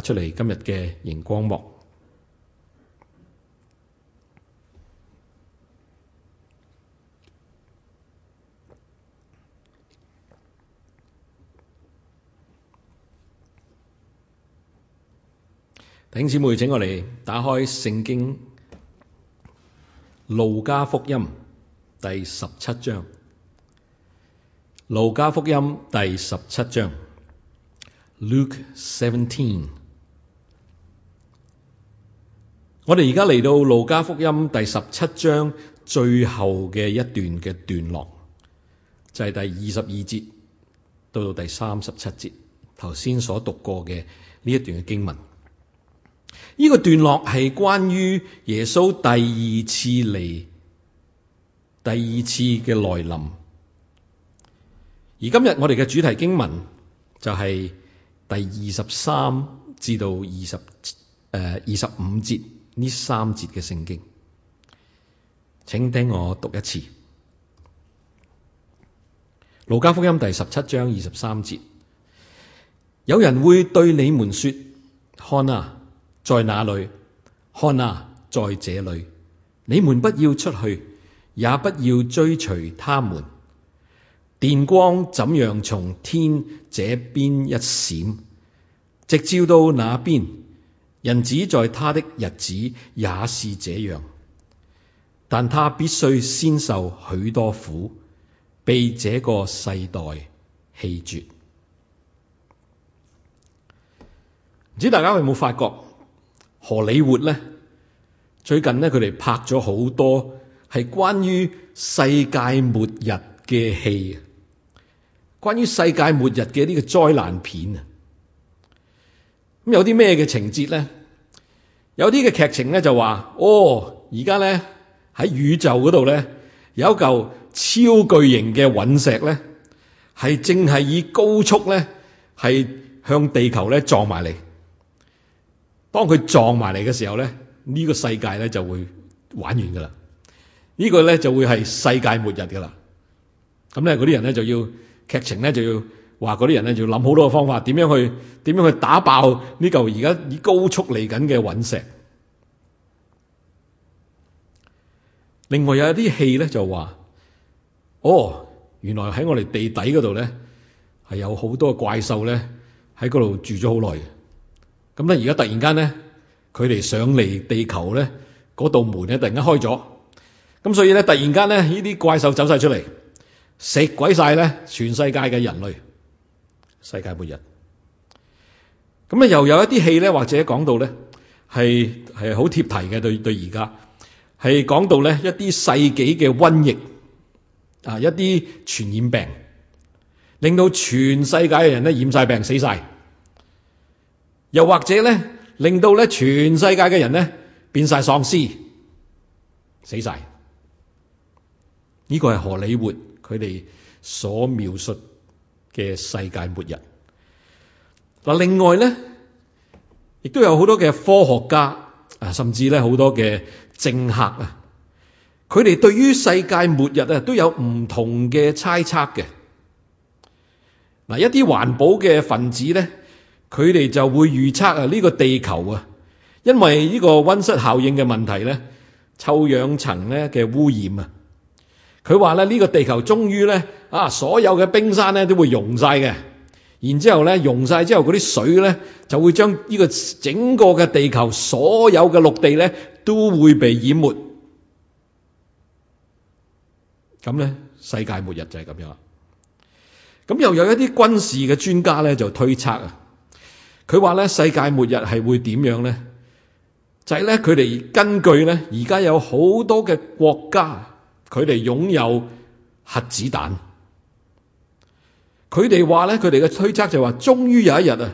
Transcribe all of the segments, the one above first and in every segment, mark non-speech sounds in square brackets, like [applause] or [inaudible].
出嚟今日嘅熒光幕，弟兄姊妹，請我哋打開聖經路加福音第十七章。路加福音第十七章，Luke Seventeen。我哋而家嚟到路加福音第十七章最後嘅一段嘅段落，就係、是、第二十二節到到第三十七節，頭先所讀過嘅呢一段嘅經文。呢、這個段落係關於耶穌第二次嚟、第二次嘅來臨。而今日我哋嘅主題經文就係第二十三至到二十誒二十五節。呢三節嘅聖經，請聽我讀一次《路加福音》第十七章二十三節：有人會對你們說，看啊，在那裏；看啊，在這裏。你們不要出去，也不要追隨他們。電光怎樣從天這邊一閃，直照到那邊。人子在他的日子也是這樣，但他必須先受許多苦，被這個世代棄絕。唔知大家有冇發覺，荷里活呢？最近呢，佢哋拍咗好多係關於世界末日嘅戲，關於世界末日嘅呢個災難片咁有啲咩嘅情節咧？有啲嘅劇情咧就話：哦，而家咧喺宇宙嗰度咧，有一嚿超巨型嘅隕石咧，係正係以高速咧，係向地球咧撞埋嚟。當佢撞埋嚟嘅時候咧，呢個世界咧就會玩完噶啦。呢個咧就會係世界末日噶啦。咁咧嗰啲人咧就要劇情咧就要。話嗰啲人咧就諗好多嘅方法，點樣去點樣去打爆呢嚿而家以高速嚟緊嘅隕石。另外有一啲戲咧就話，哦，原來喺我哋地底嗰度咧係有好多嘅怪獸咧喺嗰度住咗好耐嘅。咁咧而家突然間咧佢哋上嚟地球咧嗰道門咧突然間開咗，咁所以咧突然間咧呢啲怪獸走晒出嚟，食鬼晒咧全世界嘅人類。世界末日，咁又有一啲戲咧，或者講到咧，係係好貼題嘅，對對而家係講到咧一啲世紀嘅瘟疫啊，一啲傳染病，令到全世界嘅人咧染晒病死晒，又或者咧令到咧全世界嘅人咧變晒喪屍，死晒，呢個係荷里活佢哋所描述嘅世界末日嗱。另外咧，亦都有好多嘅科學家啊，甚至咧好多嘅政客啊，佢哋對於世界末日啊都有唔同嘅猜測嘅嗱，一啲環保嘅分子咧，佢哋就會預測啊呢個地球啊，因為呢個溫室效應嘅問題咧，臭氧層咧嘅污染啊。佢話咧呢個地球終於咧啊，所有嘅冰山咧都會融晒嘅，然之後咧融晒之後嗰啲水咧就會將呢個整個嘅地球所有嘅陸地咧都會被淹沒。咁咧世界末日就係咁樣啦。咁又有一啲軍事嘅專家咧就推測啊，佢話咧世界末日係會點樣咧？就係咧佢哋根據咧而家有好多嘅國家。佢哋擁有核子彈，佢哋話咧，佢哋嘅推測就話，終於有一日啊，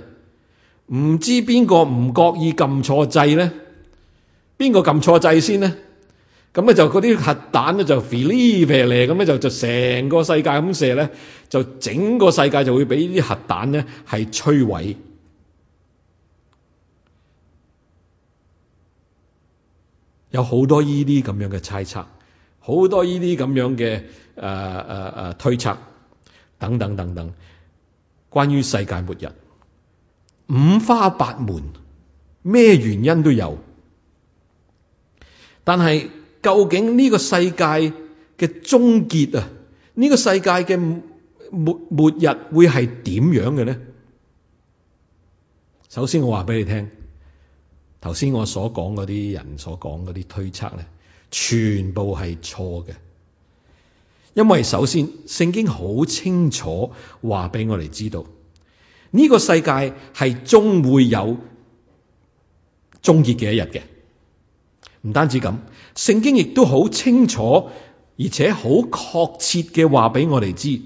唔知邊個唔覺意撳錯掣咧，邊個撳錯掣先呢？咁咧就嗰啲核彈咧就飛嚟飛嚟咁咧就就成個世界咁射咧，就整個世界就會俾啲核彈咧係摧毀，有好多依啲咁樣嘅猜測。好多呢啲咁樣嘅、誒誒誒推測等等等等，關於世界末日五花八門，咩原因都有。但係究竟呢個世界嘅終結啊，呢個世界嘅末末日會係點樣嘅呢？首先我話俾你聽，頭先我所講嗰啲人所講嗰啲推測咧。全部係錯嘅，因為首先聖經好清楚話俾我哋知道呢個世界係終會有終結嘅一日嘅，唔單止咁，聖經亦都好清楚而且好確切嘅話俾我哋知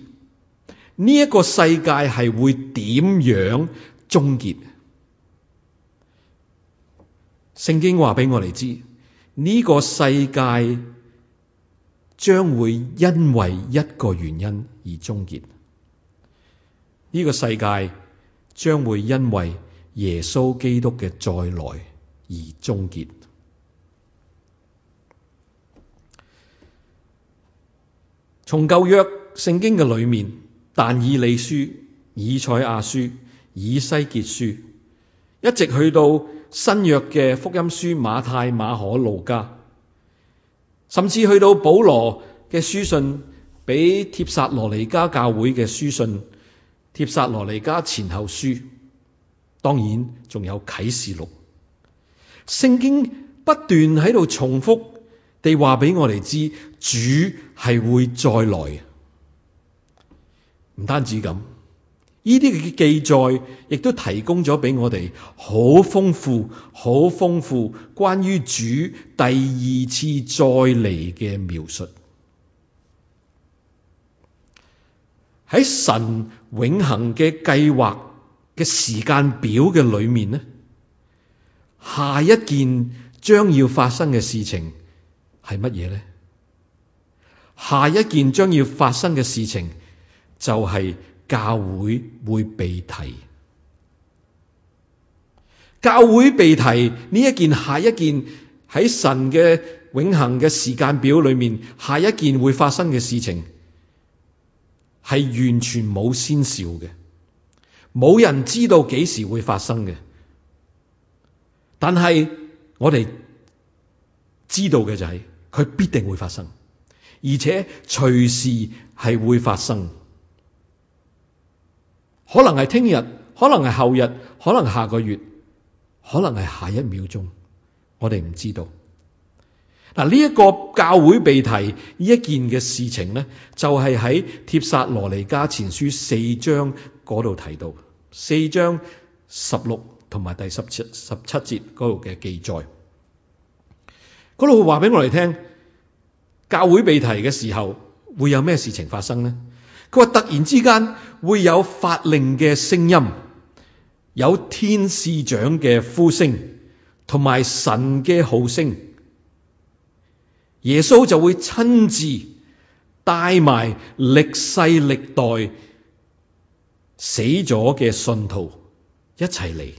呢一個世界係會點樣終結？聖經話俾我哋知。呢個世界將會因為一個原因而終結。呢、這個世界將會因為耶穌基督嘅再來而終結。從舊約聖經嘅裏面，但以理書、以賽亞書、以西結書，一直去到。新約嘅福音書馬太、馬可、路加，甚至去到保羅嘅書信，俾帖撒羅尼加教會嘅書信，帖撒羅尼加前後書，當然仲有啟示錄，聖經不斷喺度重複地話俾我哋知，主係會再來，唔單止咁。呢啲嘅記載亦都提供咗俾我哋好豐富、好豐富關於主第二次再嚟嘅描述。喺神永恒嘅計劃嘅時間表嘅裏面呢，下一件將要發生嘅事情係乜嘢呢？下一件將要發生嘅事情就係、是。教會會被提，教會被提呢一件，下一件喺神嘅永恒嘅時間表裏面，下一件會發生嘅事情，係完全冇先兆嘅，冇人知道幾時會發生嘅。但係我哋知道嘅就係、是，佢必定會發生，而且隨時係會發生。可能係聽日，可能係後日，可能下個月，可能係下一秒鐘，我哋唔知道。嗱，呢一個教會被提呢一件嘅事情呢，就係喺帖撒羅尼加前書四章嗰度提到，四章十六同埋第十七十七節嗰度嘅記載。嗰度話俾我哋聽，教會被提嘅時候會有咩事情發生呢？佢話突然之間會有法令嘅聲音，有天使長嘅呼聲，同埋神嘅號聲，耶穌就會親自帶埋歷世歷代死咗嘅信徒一齊嚟。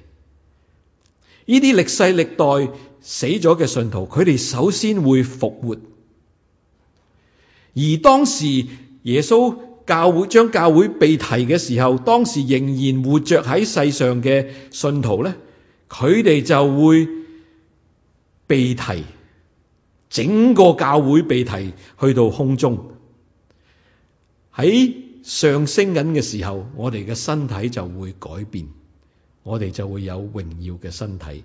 呢啲歷世歷代死咗嘅信徒，佢哋首先會復活，而當時耶穌。教會將教會被提嘅時候，當時仍然活着喺世上嘅信徒呢，佢哋就會被提，整個教會被提去到空中。喺上升緊嘅時候，我哋嘅身體就會改變，我哋就會有榮耀嘅身體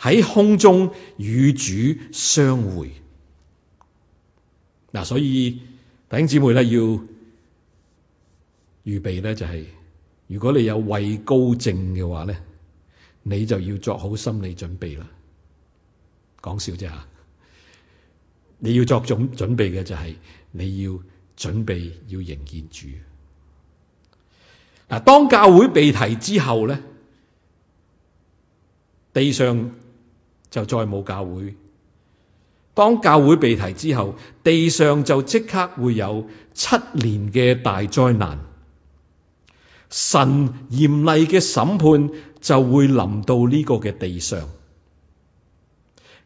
喺空中與主相會。嗱，所以。弟兄姊妹呢，要預備呢，就是如果你有畏高症嘅話呢，你就要作好心理準備啦。講笑啫，你要作準、準備嘅就是你要準備要迎接主。當教會被提之後呢，地上就再冇教會。當教會被提之後，地上就即刻會有七年嘅大災難，神嚴厲嘅審判就會臨到呢個嘅地上。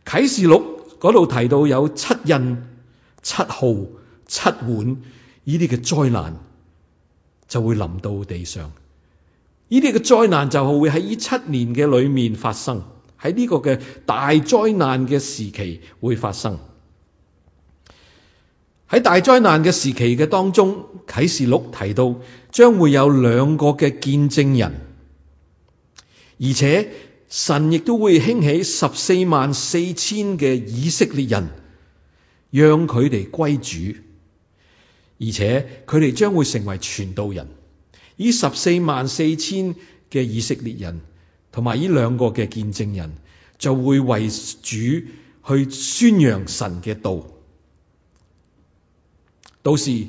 啟示錄嗰度提到有七印、七號、七碗，呢啲嘅災難就會臨到地上，呢啲嘅災難就會喺呢七年嘅裏面發生。喺呢個嘅大災難嘅時期會發生。喺大災難嘅時期嘅當中，《啟示錄》提到將會有兩個嘅見證人，而且神亦都會興起十四萬四千嘅以色列人，讓佢哋歸主，而且佢哋將會成為傳道人。以十四萬四千嘅以色列人。同埋呢兩個嘅見證人就會為主去宣揚神嘅道，到時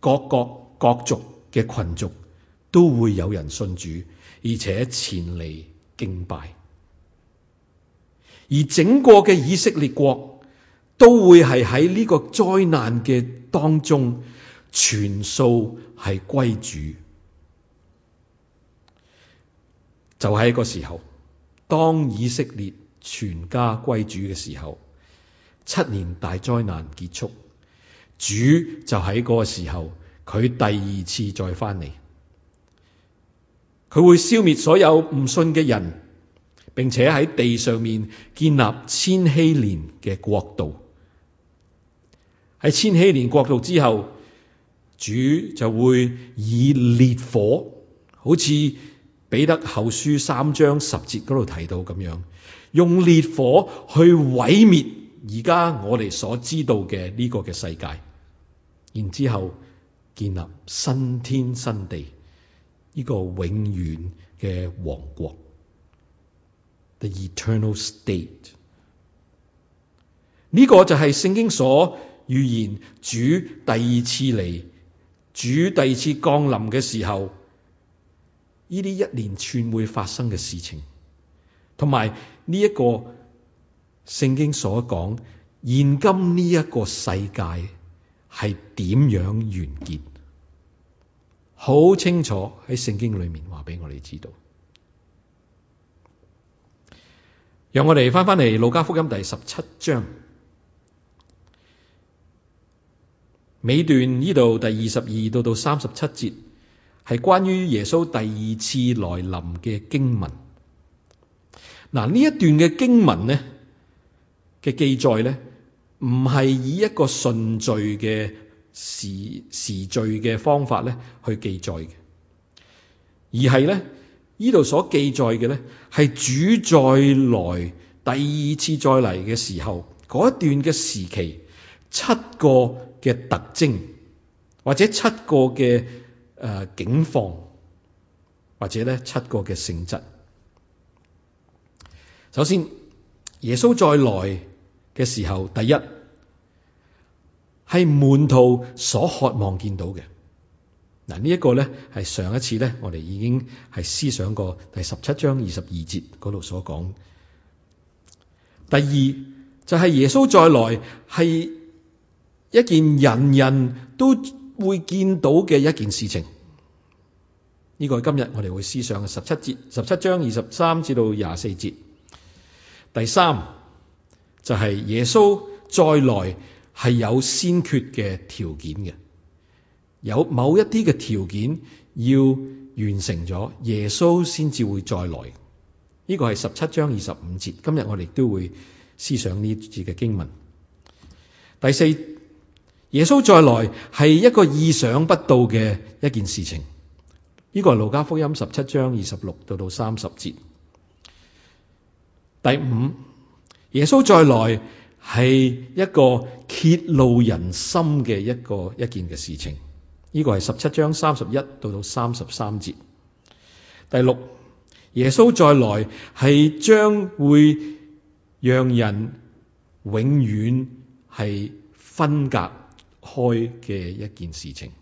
各國各族嘅群眾都會有人信主，而且前嚟敬拜，而整個嘅以色列國都會係喺呢個災難嘅當中全數係歸主。就喺個時候，當以色列全家歸主嘅時候，七年大災難結束，主就喺個時候，佢第二次再翻嚟，佢會消滅所有唔信嘅人，並且喺地上面建立千禧年嘅國度。喺千禧年國度之後，主就會以烈火，好似。彼得後書三章十節嗰度提到咁樣，用烈火去毀滅而家我哋所知道嘅呢個嘅世界，然之後建立新天新地，呢個永遠嘅王國。The eternal state，呢個就係聖經所預言主第二次嚟、主第二次降臨嘅時候。呢啲一連串會發生嘅事情，同埋呢一個聖經所講，現今呢一個世界係點樣完結，好清楚喺聖經裏面話俾我哋知道。讓我哋翻返嚟《路加福音》第十七章，尾段呢度第二十二到到三十七節。係關於耶穌第二次來臨嘅經文嗱，呢一段嘅經文呢嘅記載咧，唔係以一個順序嘅時時序嘅方法咧去記載嘅，而係咧呢度所記載嘅咧係主再來第二次再嚟嘅時候嗰一段嘅時期，七個嘅特徵，或者七個嘅。誒警方或者咧七個嘅性質。首先，耶穌再來嘅時候，第一係門徒所渴望見到嘅。嗱呢一個咧係上一次咧，我哋已經係思想過第十七章二十二節嗰度所講。第二就係、是、耶穌再來係一件人人都。會見到嘅一件事情，呢個係今日我哋會思想嘅十七節、十七章二十三至到廿四節。第三就係耶穌再來係有先決嘅條件嘅，有某一啲嘅條件要完成咗，耶穌先至會再來。呢個係十七章二十五節，今日我哋都會思想呢節嘅經文。第四。耶穌再來係一個意想不到嘅一件事情，呢個係《路加福音》十七章二十六到到三十節。第五，耶穌再來係一個揭露人心嘅一個一件嘅事情，呢個係十七章三十一到到三十三節。第六，耶穌再來係將會讓人永遠係分隔開嘅一件事情，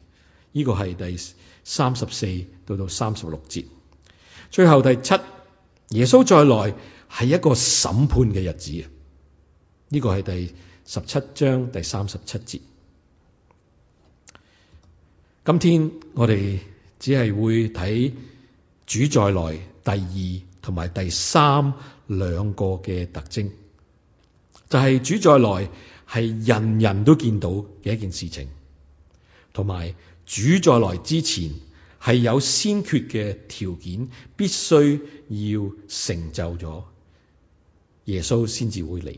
呢、這個係第三十四到到三十六節。最後第七，耶穌再來係一個審判嘅日子，呢、這個係第十七章第三十七節。今天我哋只係會睇主再來第二同埋第三兩個嘅特徵，就係、是、主再來。係人人都見到嘅一件事情，同埋主再來之前係有先決嘅條件，必須要成就咗，耶穌先至會嚟。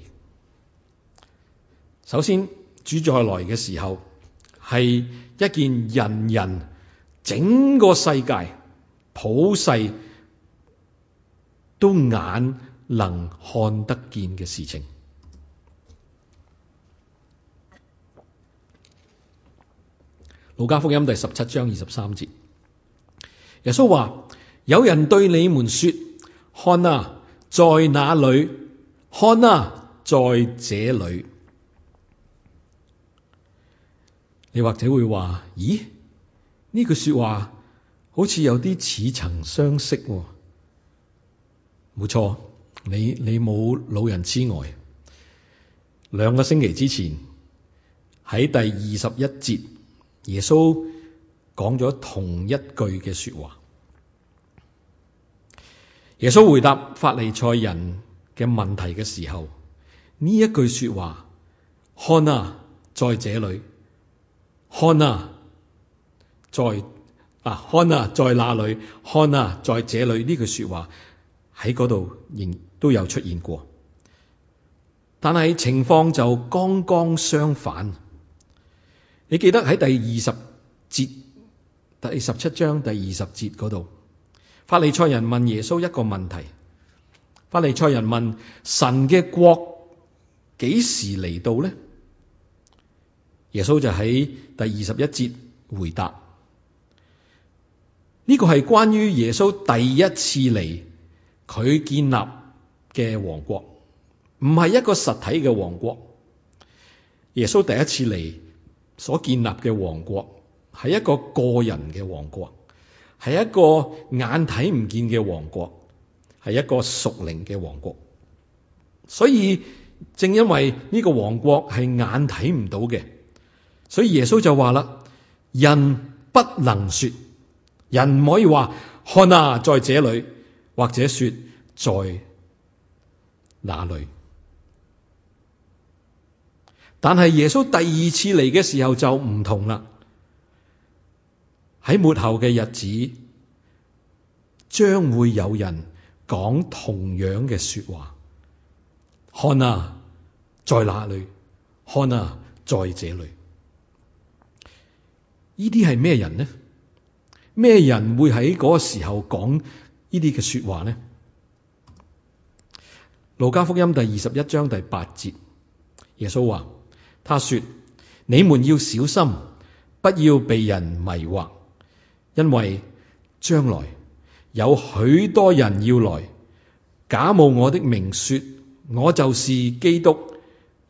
首先，主再來嘅時候係一件人人整個世界普世都眼能看得見嘅事情。路加福音第十七章二十三節，耶穌話：有人對你們說，看啊，在那裏；看啊，在這裏。你或者會話：咦？呢句說話好似有啲似曾相識。冇錯，你你冇老人痴呆，兩個星期之前喺第二十一節。耶穌講咗同一句嘅說話。耶穌回答法利賽人嘅問題嘅時候，呢一句說話：看啊，ana, 在, ana, 在這裏；看啊，在啊看啊，在那裏？看啊，在這裏。呢句說話喺嗰度仍都有出現過，但係情況就剛剛相反。你記得喺第二十節第十七章第二十節嗰度，法利賽人問耶穌一個問題。法利賽人問神嘅國幾時嚟到呢？耶穌就喺第二十一節回答：呢個係關於耶穌第一次嚟佢建立嘅王國，唔係一個實體嘅王國。耶穌第一次嚟。所建立嘅王國係一個個人嘅王國，係一個眼睇唔見嘅王國，係一個屬靈嘅王國。所以正因為呢個王國係眼睇唔到嘅，所以耶穌就話啦：人不能說，人唔可以話看啊，在這裏，或者說在哪裏。但係耶穌第二次嚟嘅時候就唔同啦，喺末後嘅日子，將會有人講同樣嘅說話。看啊，ana，在哪裏？看啊，在這裏。呢啲係咩人呢？咩人會喺嗰個時候講呢啲嘅說話呢？路加福音第二十一章第八節，耶穌話。他說：你們要小心，不要被人迷惑，因為將來有許多人要來假冒我的名說：我就是基督。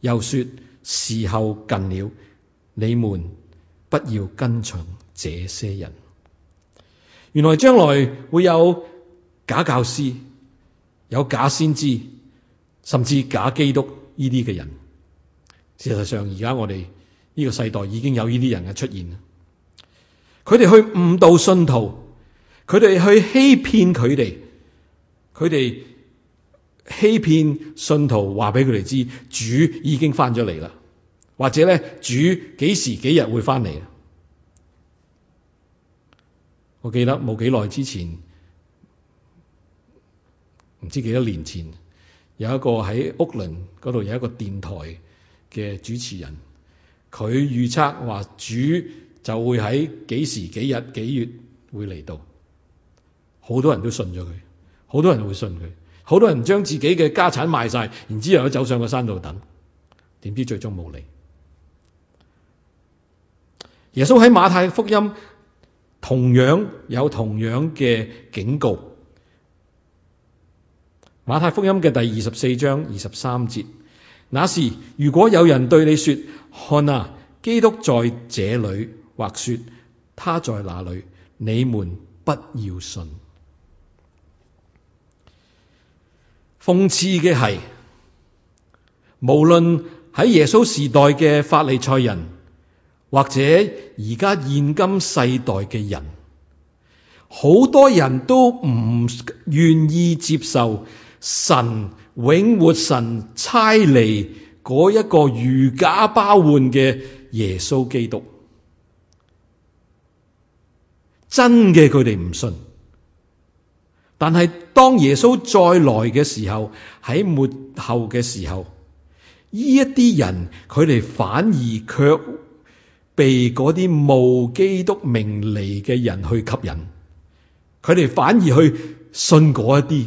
又說：時候近了，你們不要跟從這些人。原來將來會有假教師、有假先知，甚至假基督呢啲嘅人。事實上，而家我哋呢個世代已經有呢啲人嘅出現啦。佢哋去誤導信徒，佢哋去欺騙佢哋，佢哋欺騙信徒，話俾佢哋知主已經翻咗嚟啦，或者咧主幾時幾日會翻嚟。我記得冇幾耐之前，唔知幾多年前，有一個喺屋倫嗰度有一個電台。嘅主持人，佢預測話主就會喺幾時幾日幾月會嚟到，好多人都信咗佢，好多人會信佢，好多人將自己嘅家產賣晒，然之後走上個山度等，點知最終冇嚟。耶穌喺馬太福音同樣有同樣嘅警告，馬太福音嘅第二十四章二十三節。那時，如果有人對你說：看啊，基督在這裏，或說他在哪裏，你們不要信。諷刺嘅係，無論喺耶穌時代嘅法利賽人，或者而家現今世代嘅人，好多人都唔願意接受。神永活神，神差嚟嗰一個如假包換嘅耶穌基督，真嘅佢哋唔信，但係當耶穌再來嘅時候，喺末後嘅時候，呢一啲人佢哋反而卻被嗰啲無基督名利嘅人去吸引，佢哋反而去信嗰一啲。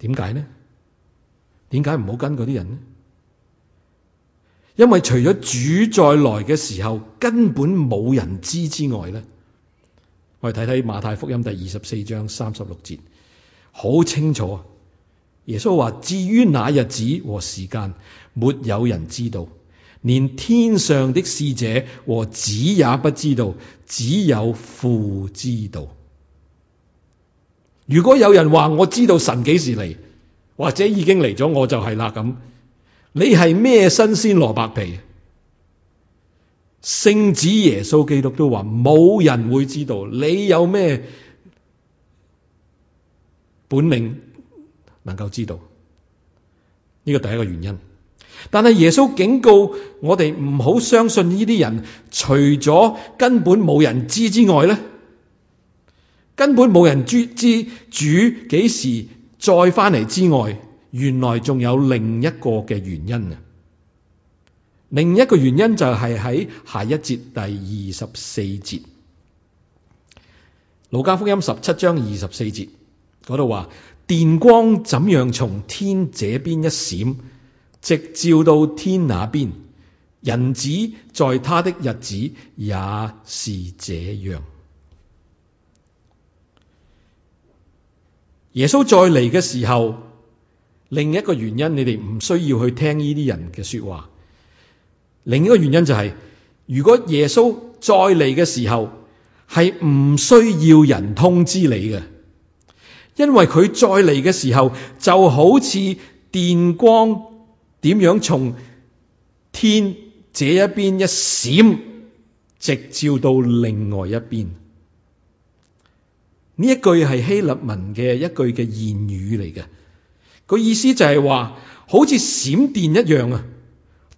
點解呢？點解唔好跟嗰啲人呢？因為除咗主再來嘅時候根本冇人知之外咧，我哋睇睇馬太福音第二十四章三十六節，好清楚啊！耶穌話：至於那日子和時間，沒有人知道，連天上的使者和子也不知道，只有父知道。如果有人話我知道，神幾時嚟，或者已經嚟咗，我就係啦，咁。你係咩新鮮蘿蔔皮？聖子耶穌基督都話冇人會知道，你有咩本命能夠知道？呢個第一個原因。但係耶穌警告我哋唔好相信呢啲人，除咗根本冇人知之外咧。根本冇人知知主幾時再翻嚟之外，原來仲有另一個嘅原因啊！另一個原因就係喺下一節第二十四節《路加福音》十七章二十四節嗰度話：電光怎樣從天這邊一閃，直照到天那邊，人子在他的日子也是這樣。耶穌再嚟嘅時候，另一個原因你哋唔需要去聽呢啲人嘅說話。另一個原因就係、是，如果耶穌再嚟嘅時候係唔需要人通知你嘅，因為佢再嚟嘅時候就好似電光點樣從天這一邊一閃，直照到另外一邊。呢一句係希臘文嘅一句嘅諺語嚟嘅。個意思就係話好似閃電一樣啊！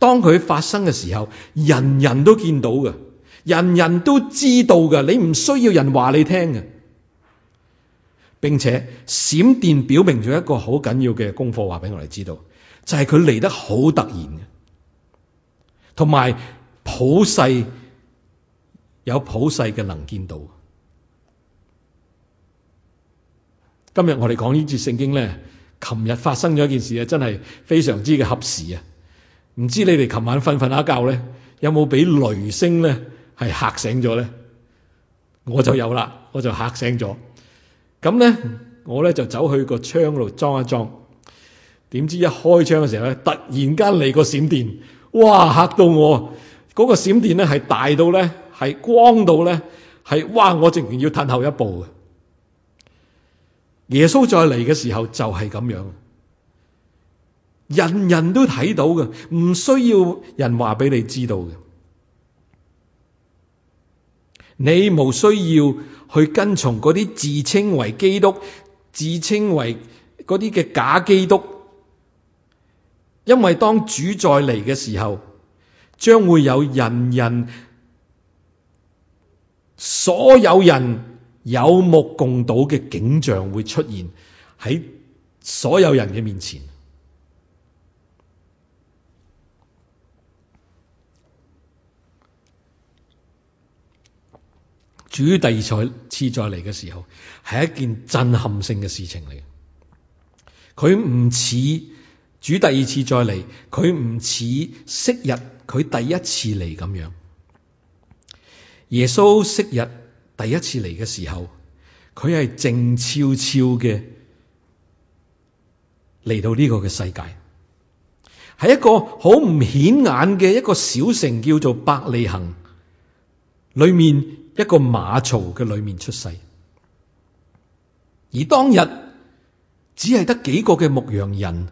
當佢發生嘅時候，人人都見到㗎，人人都知道㗎。你唔需要人話你聽嘅，並且閃電表明咗一個好緊要嘅功課，話俾我哋知道，就係佢嚟得好突然嘅，同埋普世有普世嘅能見到。今日我哋講呢節聖經咧，琴日發生咗一件事啊，真係非常之嘅合時啊！唔知你哋琴晚瞓瞓下覺咧，有冇俾雷聲咧係嚇醒咗咧？我就有啦，我就嚇醒咗。咁咧，我咧就走去個窗度裝一裝。點知一開窗嘅時候咧，突然間嚟個閃電，哇！嚇到我，嗰個閃電咧係大到咧係光到咧係哇！我直情要退後一步嘅。耶穌再嚟嘅時候就係咁樣，人人都睇到嘅，唔需要人話俾你知道嘅。你無需要去跟從嗰啲自稱為基督、自稱為嗰啲嘅假基督，因為當主再嚟嘅時候，將會有人人所有人。有目共睹嘅景象會出現喺所有人嘅面前。主第二次再嚟嘅時候，係一件震撼性嘅事情嚟。佢唔似主第二次再嚟，佢唔似昔日佢第一次嚟咁樣。耶穌昔日。第一次嚟嘅時候，佢係靜悄悄嘅嚟到呢個嘅世界，喺一個好唔顯眼嘅一個小城叫做伯利恆，裏面一個馬槽嘅裏面出世，而當日只係得幾個嘅牧羊人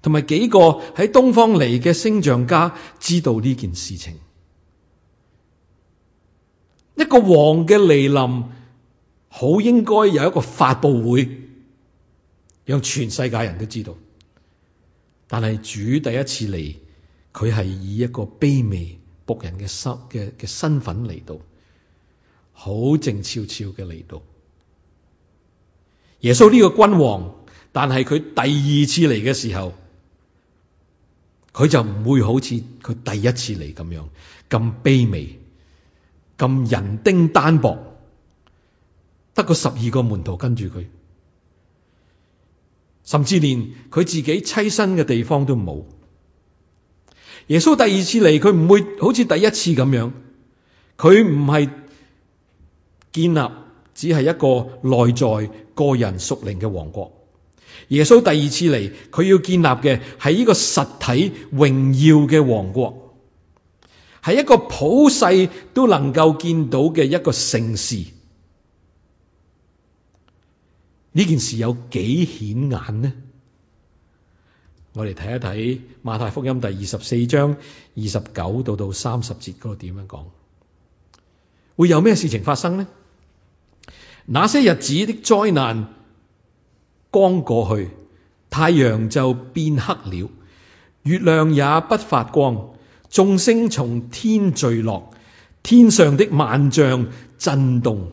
同埋幾個喺東方嚟嘅星象家知道呢件事情。一個王嘅嚟臨，好應該有一個發布會，讓全世界人都知道。但係主第一次嚟，佢係以一個卑微僕人嘅身嘅嘅身份嚟到，好靜悄悄嘅嚟到。耶穌呢個君王，但係佢第二次嚟嘅時候，佢就唔會好似佢第一次嚟咁樣咁卑微。咁人丁單薄，得個十二個門徒跟住佢，甚至連佢自己棲身嘅地方都冇。耶穌第二次嚟，佢唔會好似第一次咁樣，佢唔係建立只係一個內在個人屬靈嘅王國。耶穌第二次嚟，佢要建立嘅係呢個實體榮耀嘅王國。係一個普世都能夠見到嘅一個盛事，呢件事有幾顯眼呢？我哋睇一睇馬太福音第二十四章二十九到到三十節嗰度點樣講，會有咩事情發生呢？那些日子的災難剛過去，太陽就變黑了，月亮也不發光。眾星從天墜落，天上的萬象震動。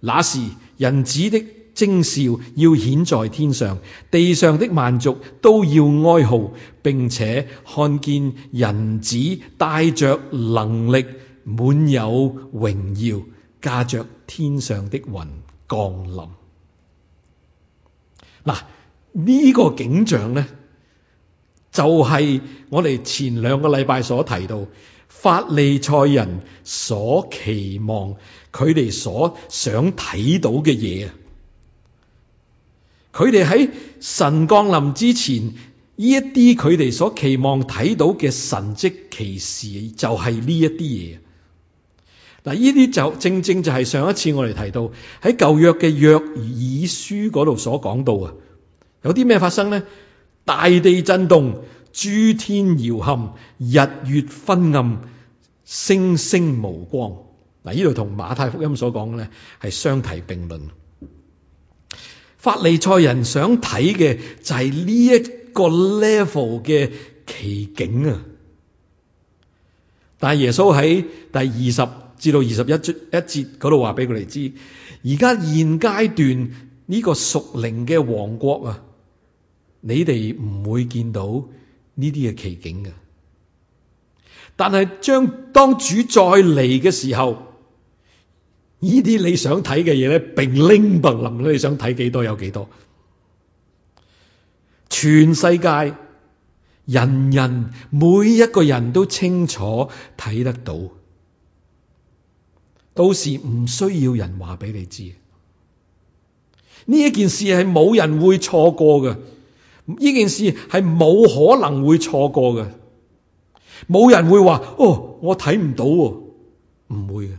那時，人子的徵兆要顯在天上，地上的萬族都要哀號，並且看見人子帶着能力，滿有榮耀，駕着天上的雲降臨。嗱，呢個景象呢。就係我哋前兩個禮拜所提到，法利賽人所期望佢哋所想睇到嘅嘢啊！佢哋喺神降臨之前，呢一啲佢哋所期望睇到嘅神蹟奇事，就係呢一啲嘢。嗱，呢啲就正正就係上一次我哋提到喺舊約嘅約珥書嗰度所講到啊！有啲咩發生咧？大地震動，諸天搖撼，日月昏暗，星星無光。嗱，呢度同馬太福音所講嘅呢係相提並論。法利賽人想睇嘅就係呢一個 level 嘅奇景啊！但耶穌喺第二十至到二十一節一節嗰度話俾佢哋知，而家現階段呢個屬靈嘅王國啊。你哋唔會見到呢啲嘅奇景嘅，但係將當主再嚟嘅時候，呢啲你想睇嘅嘢咧，并拎唪林，你想睇幾多有幾多，全世界人人每一個人都清楚睇得到，到時唔需要人話俾你知，呢一件事係冇人會錯過嘅。呢件事係冇可能會錯過嘅，冇人會話哦，我睇唔到喎，唔會嘅。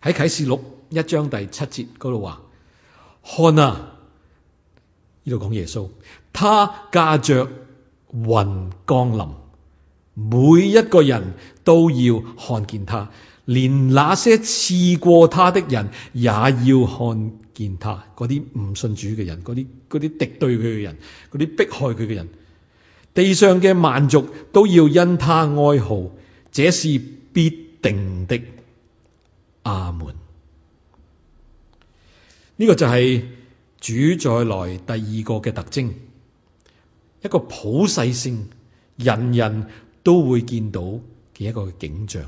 喺啟示錄一章第七節嗰度話：看啊，呢度講耶穌，他駕着雲降臨，每一個人都要看見他，連那些刺過他的人也要看。見他嗰啲唔信主嘅人，嗰啲嗰啲敵對佢嘅人，嗰啲迫害佢嘅人，地上嘅萬族都要因他哀號，這是必定的。阿門。呢、這個就係主再來第二個嘅特徵，一個普世性，人人都會見到嘅一個景象。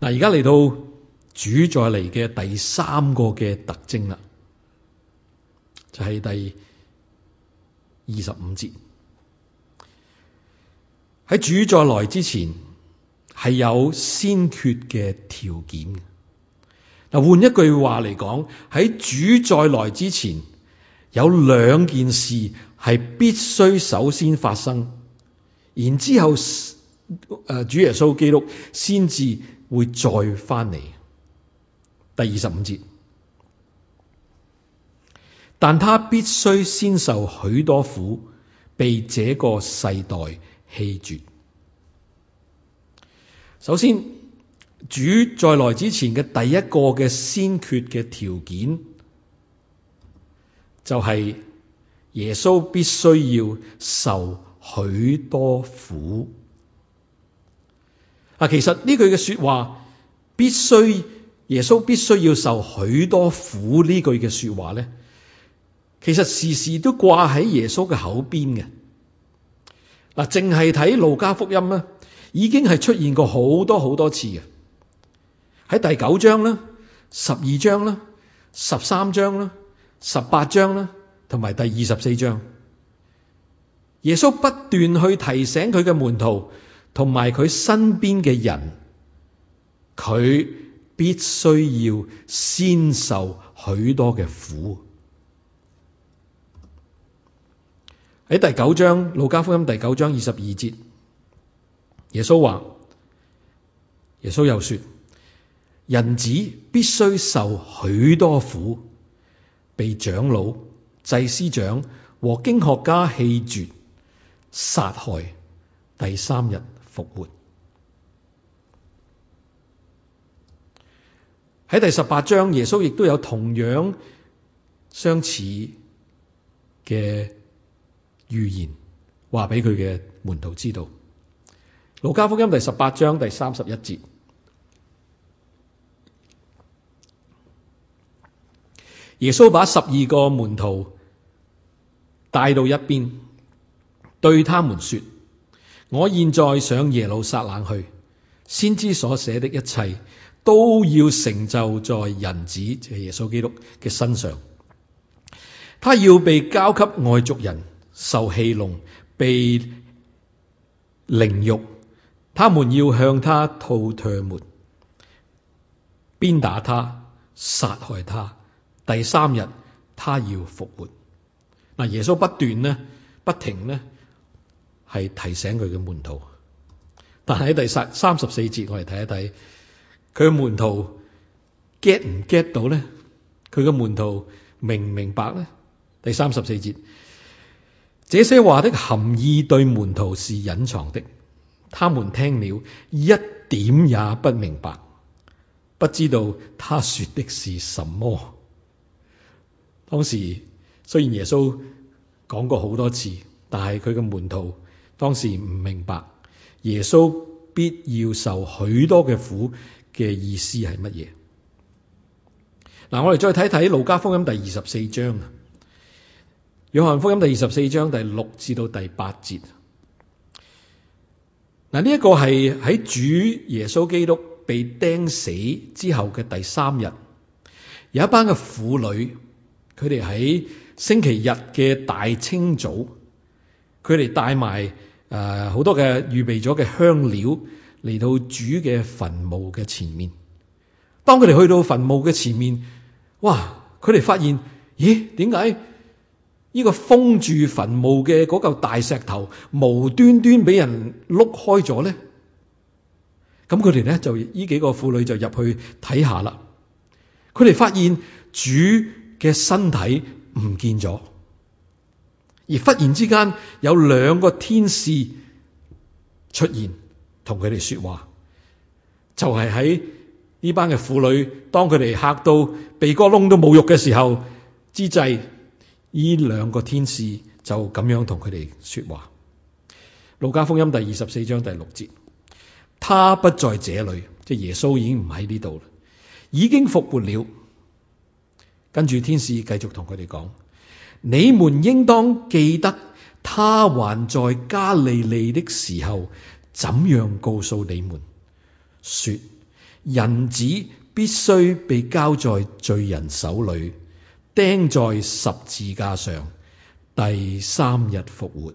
嗱，而家嚟到。主再嚟嘅第三個嘅特徵啦，就係、是、第二十五節。喺主再來之前係有先決嘅條件嗱，換一句話嚟講，喺主再來之前有兩件事係必須首先發生，然之後誒，主耶穌基督先至會再翻嚟。第二十五節，但他必須先受許多苦，被這個世代棄絕。首先，主再來之前嘅第一個嘅先決嘅條件，就係耶穌必須要受許多苦。其實呢句嘅說話必須。耶穌必須要受許多苦，呢句嘅說話咧，其實時時都掛喺耶穌嘅口邊嘅。嗱，淨係睇路加福音啦，已經係出現過好多好多次嘅。喺第九章啦、十二章啦、十三章啦、十八章啦，同埋第二十四章，耶穌不斷去提醒佢嘅門徒同埋佢身邊嘅人，佢。必須要先受許多嘅苦。喺第九章《路加福音》第九章二十二節，耶穌話：耶穌又說，人子必須受許多苦，被長老、祭司長和經學家棄絕、殺害，第三日復活。喺第十八章，耶穌亦都有同樣相似嘅預言，話俾佢嘅門徒知道。《路加福音》第十八章第三十一節，耶穌把十二個門徒帶到一邊，對他們說：我現在上耶路撒冷去，先知所寫的一切。都要成就在人子,就是耶穌基督的身上。他要被交給外族人,受戲弄,被凌辱。他們要向他吐唾沫,鞭打他,殺害他。第三日,他要復活。嗱,耶穌不斷呢,不停呢,係提醒佢嘅門徒。但喺第三,三十四節,我哋睇一睇,佢嘅門徒 get 唔 get 到呢？佢嘅門徒明唔明白呢？第三十四節，這些話的含義對門徒是隱藏的，他們聽了一點也不明白，不知道他說的是什麼。當時雖然耶穌講過好多次，但係佢嘅門徒當時唔明白，耶穌必要受許多嘅苦。嘅意思係乜嘢？嗱，我哋再睇睇路加福音第二十四章啊，約翰福音第二十四章第六至到第八節。嗱，呢一個係喺主耶穌基督被釘死之後嘅第三日，有一班嘅婦女，佢哋喺星期日嘅大清早，佢哋帶埋誒好多嘅預備咗嘅香料。嚟到主嘅墳墓嘅前面，當佢哋去到墳墓嘅前面，哇！佢哋發現，咦？點解呢個封住墳墓嘅嗰嚿大石頭無端端俾人碌開咗呢？呢，咁佢哋咧就呢幾個婦女就入去睇下啦。佢哋發現主嘅身體唔見咗，而忽然之間有兩個天使出現。同佢哋說話，就係喺呢班嘅婦女當佢哋吓到鼻哥窿都冇肉嘅時候之際，呢兩個天使就咁樣同佢哋說話。路加福音第二十四章第六節，他不在這裡，即耶穌已經唔喺呢度啦，已經復活了。跟住天使繼續同佢哋講：你們應當記得，他還在加利利的時候。怎樣告訴你們？說人子必須被交在罪人手裡，釘在十字架上，第三日復活。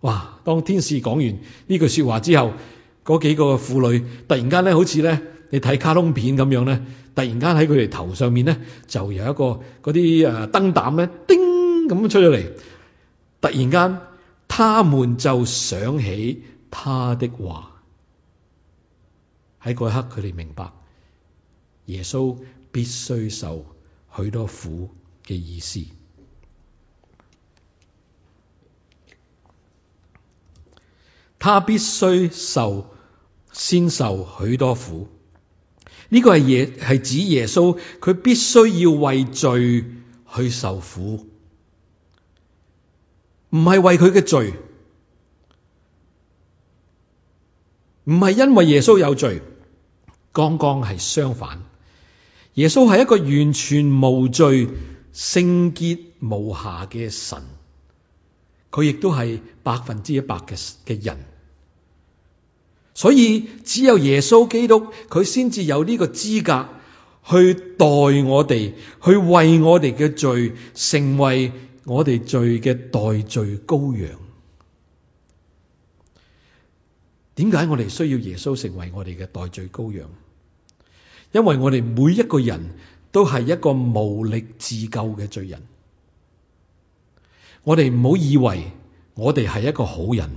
哇！當天使講完呢句說話之後，嗰幾個婦女突然間咧，好似咧你睇卡通片咁樣咧，突然間喺佢哋頭上面咧，就有一個嗰啲誒燈膽咧，叮咁出咗嚟。突然間，他們就想起。他的話喺嗰一刻，佢哋明白耶穌必須受許多苦嘅意思。他必須受，先受許多苦。呢個係耶係指耶穌，佢必須要為罪去受苦，唔係為佢嘅罪。唔係因為耶穌有罪，剛剛係相反，耶穌係一個完全無罪、聖潔無瑕嘅神，佢亦都係百分之一百嘅嘅人，所以只有耶穌基督佢先至有呢個資格去代我哋，去為我哋嘅罪，成為我哋罪嘅代罪羔羊。點解我哋需要耶穌成為我哋嘅代罪羔羊？因為我哋每一個人都係一個無力自救嘅罪人。我哋唔好以為我哋係一個好人。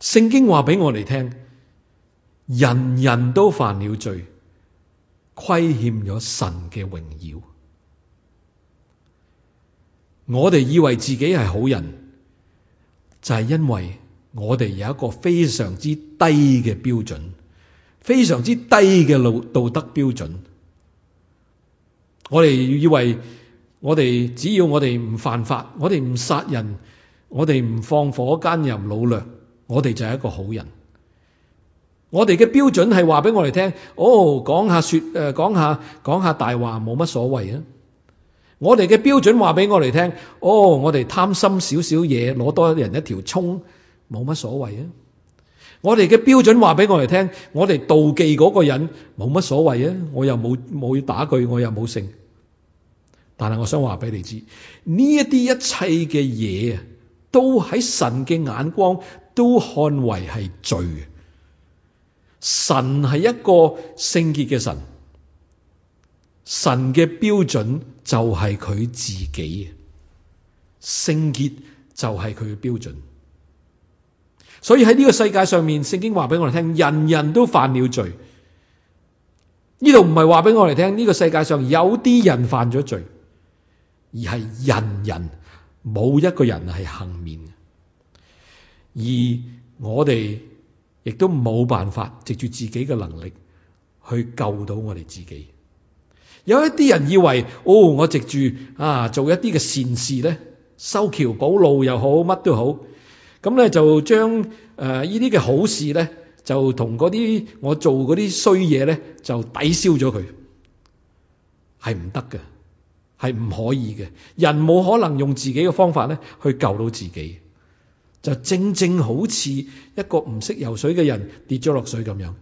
聖經話俾我哋聽，人人都犯了罪，虧欠咗神嘅榮耀。我哋以為自己係好人，就係因為……我哋有一個非常之低嘅標準，非常之低嘅路道德標準。我哋以為我哋只要我哋唔犯法，我哋唔殺人，我哋唔放火、奸淫、擄掠，我哋就係一個好人。我哋嘅標準係話俾我哋聽，哦，講下說誒、呃，講下講下大話冇乜所謂啊！我哋嘅標準話俾我哋聽，哦，我哋貪心少少嘢，攞多人一條蔥。冇乜所謂啊！我哋嘅標準話畀我哋聽，我哋妒忌嗰個人冇乜所謂啊！我又冇冇打佢，我又冇性。但係我想話俾你知呢一啲一切嘅嘢啊，都喺神嘅眼光都看為係罪。神係一個聖潔嘅神，神嘅標準就係佢自己，聖潔就係佢嘅標準。所以喺呢個世界上面，聖經話俾我哋聽，人人都犯了罪。呢度唔係話俾我哋聽，呢個世界上有啲人犯咗罪，而係人人冇一個人係幸免。而我哋亦都冇辦法藉住自己嘅能力去救到我哋自己。有一啲人以為，哦，我藉住啊做一啲嘅善事咧，修橋補路又好，乜都好。咁咧就將誒呢啲嘅好事咧，就同嗰啲我做嗰啲衰嘢咧，就抵消咗佢，係唔得嘅，係唔可以嘅。人冇可能用自己嘅方法咧去救到自己，就正正好似一個唔識游水嘅人跌咗落水咁樣，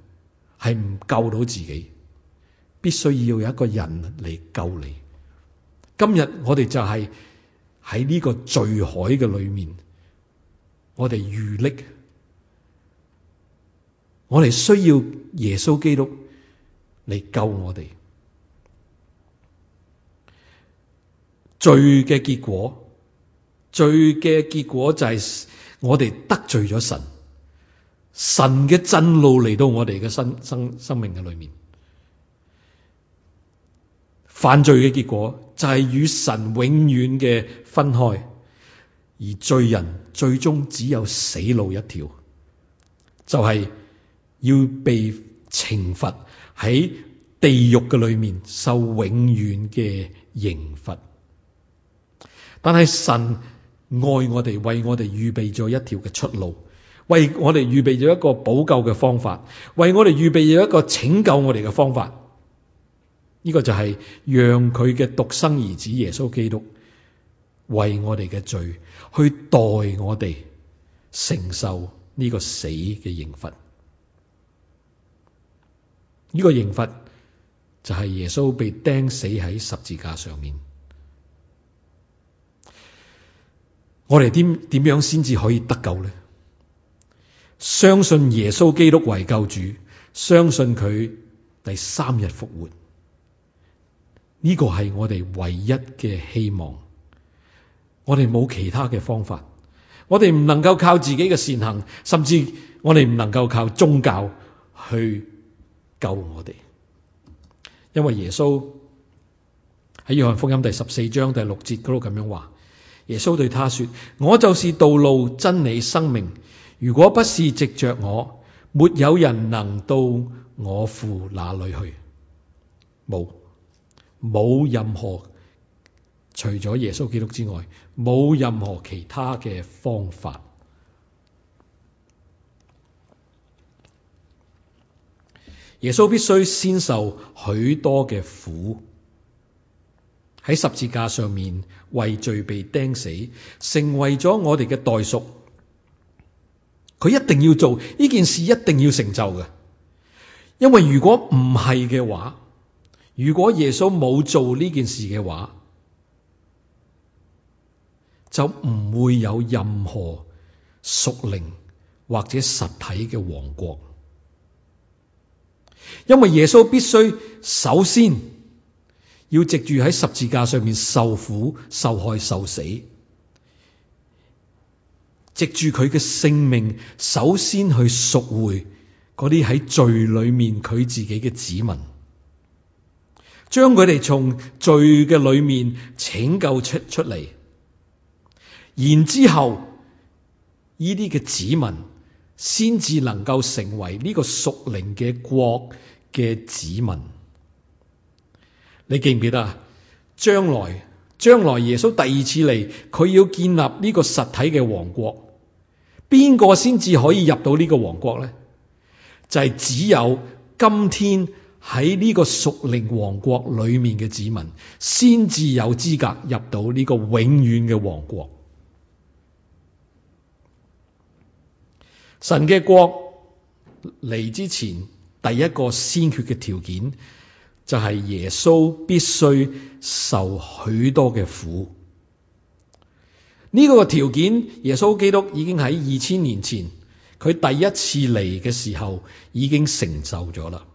係唔救到自己，必須要有一個人嚟救你。今日我哋就係喺呢個墜海嘅裏面。我哋愚力，我哋需要耶穌基督嚟救我哋。罪嘅結果，罪嘅結果就係我哋得罪咗神。神嘅震怒嚟到我哋嘅生生生命嘅裏面，犯罪嘅結果就係與神永遠嘅分開。而罪人最終只有死路一條，就係、是，要被懲罰喺地獄嘅裏面受永遠嘅刑罰。但係神愛我哋，為我哋預備咗一條嘅出路，為我哋預備咗一個補救嘅方法，為我哋預備咗一個拯救我哋嘅方法。呢、這個就係讓佢嘅獨生兒子耶穌基督。為我哋嘅罪去代我哋承受呢個死嘅刑罰，呢個刑罰就係耶穌被釘死喺十字架上面。我哋點點樣先至可以得救呢？相信耶穌基督為救主，相信佢第三日復活，呢個係我哋唯一嘅希望。我哋冇其他嘅方法，我哋唔能夠靠自己嘅善行，甚至我哋唔能夠靠宗教去救我哋，因為耶穌喺約翰福音第十四章第六節嗰度咁樣話：耶穌對他說：我就是道路、真理、生命，如果不是藉着我，沒有人能到我父那裏去。冇，冇任何。除咗耶穌基督之外，冇任何其他嘅方法。耶穌必須先受許多嘅苦，喺十字架上面為罪被釘死，成為咗我哋嘅代贖。佢一定要做呢件事，一定要成就嘅，因為如果唔係嘅話，如果耶穌冇做呢件事嘅話。就唔會有任何屬靈或者實體嘅王國，因為耶穌必須首先要藉住喺十字架上面受苦、受害、受死，藉住佢嘅性命，首先去贖回嗰啲喺罪裏面佢自己嘅子民，將佢哋從罪嘅裏面拯救出出嚟。然之後，呢啲嘅子民先至能夠成為呢個屬靈嘅國嘅子民。你記唔記得啊？將來將來耶穌第二次嚟，佢要建立呢個實體嘅王國，邊個先至可以入到呢個王國呢？就係只有今天喺呢個屬靈王國裏面嘅子民，先至有資格入到呢個永遠嘅王國。神嘅國嚟之前，第一個先決嘅條件就係、是、耶穌必須受許多嘅苦。呢、這個條件，耶穌基督已經喺二千年前佢第一次嚟嘅時候已經成就咗啦，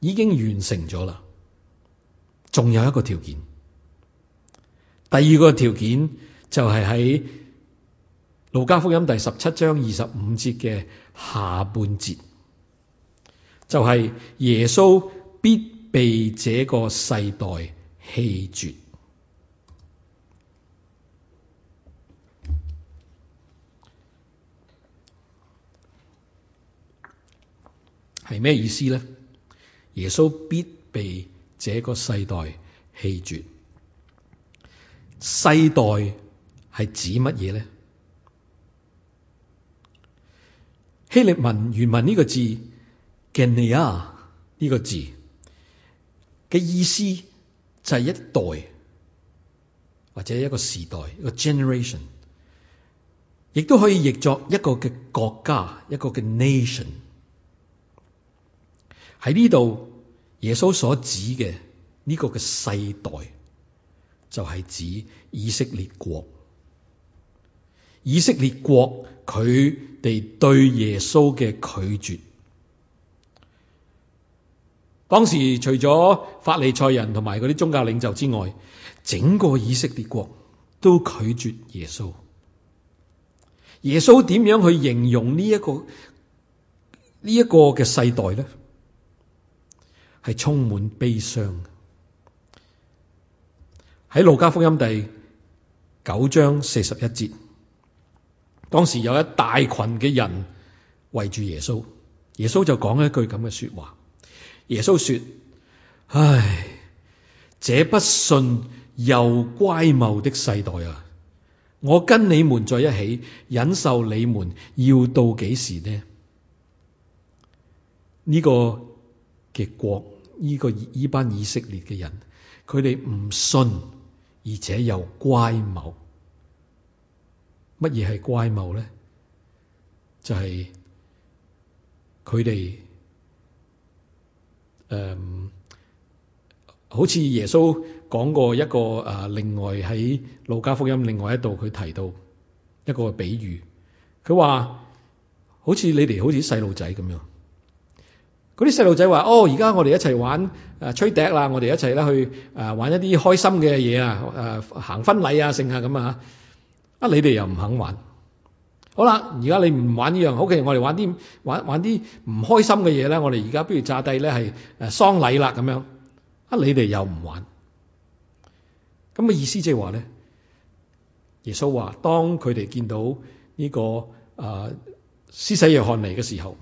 已經完成咗啦。仲有一個條件，第二個條件就係喺。路加福音第十七章二十五節嘅下半節，就係耶穌必被這個世代棄絕，係咩意思呢？耶穌必被這個世代棄絕，世代係指乜嘢呢？希臘文原文呢個字 Genia 呢個字嘅意思就係一代或者一個時代，一個 generation，亦都可以譯作一個嘅國家，一個嘅 nation。喺呢度，耶穌所指嘅呢個嘅世代，就係指以色列國。以色列國佢哋對耶穌嘅拒絕，當時除咗法利賽人同埋嗰啲宗教領袖之外，整個以色列國都拒絕耶穌。耶穌點樣去形容呢一個呢一個嘅世代呢？係充滿悲傷嘅。喺路加福音第九章四十一節。當時有一大群嘅人圍住耶穌，耶穌就講一句咁嘅說話。耶穌說：唉，這不信又乖謬的世代啊！我跟你們在一起，忍受你們要到幾時呢？呢個嘅國，呢個呢班以色列嘅人，佢哋唔信，而且又乖謬。乜嘢係怪貌咧？就係佢哋誒，好似耶穌講過一個誒，另外喺《路加福音》另外一度，佢提到一個比喻。佢話：好似你哋好似細路仔咁樣，嗰啲細路仔話：哦，而家我哋一齊玩誒吹笛啦，我哋一齊咧去誒玩一啲開心嘅嘢啊！誒行婚禮啊，剩下咁啊嚇。啊！你哋又唔肯玩，好啦，而家你唔玩呢樣，好嘅，我哋玩啲玩玩啲唔開心嘅嘢咧。我哋而家不如炸帝咧，係誒喪禮啦咁樣。啊！你哋又唔玩，咁嘅意思即係話咧，耶穌話當佢哋見到呢、這個誒施洗約翰嚟嘅時候，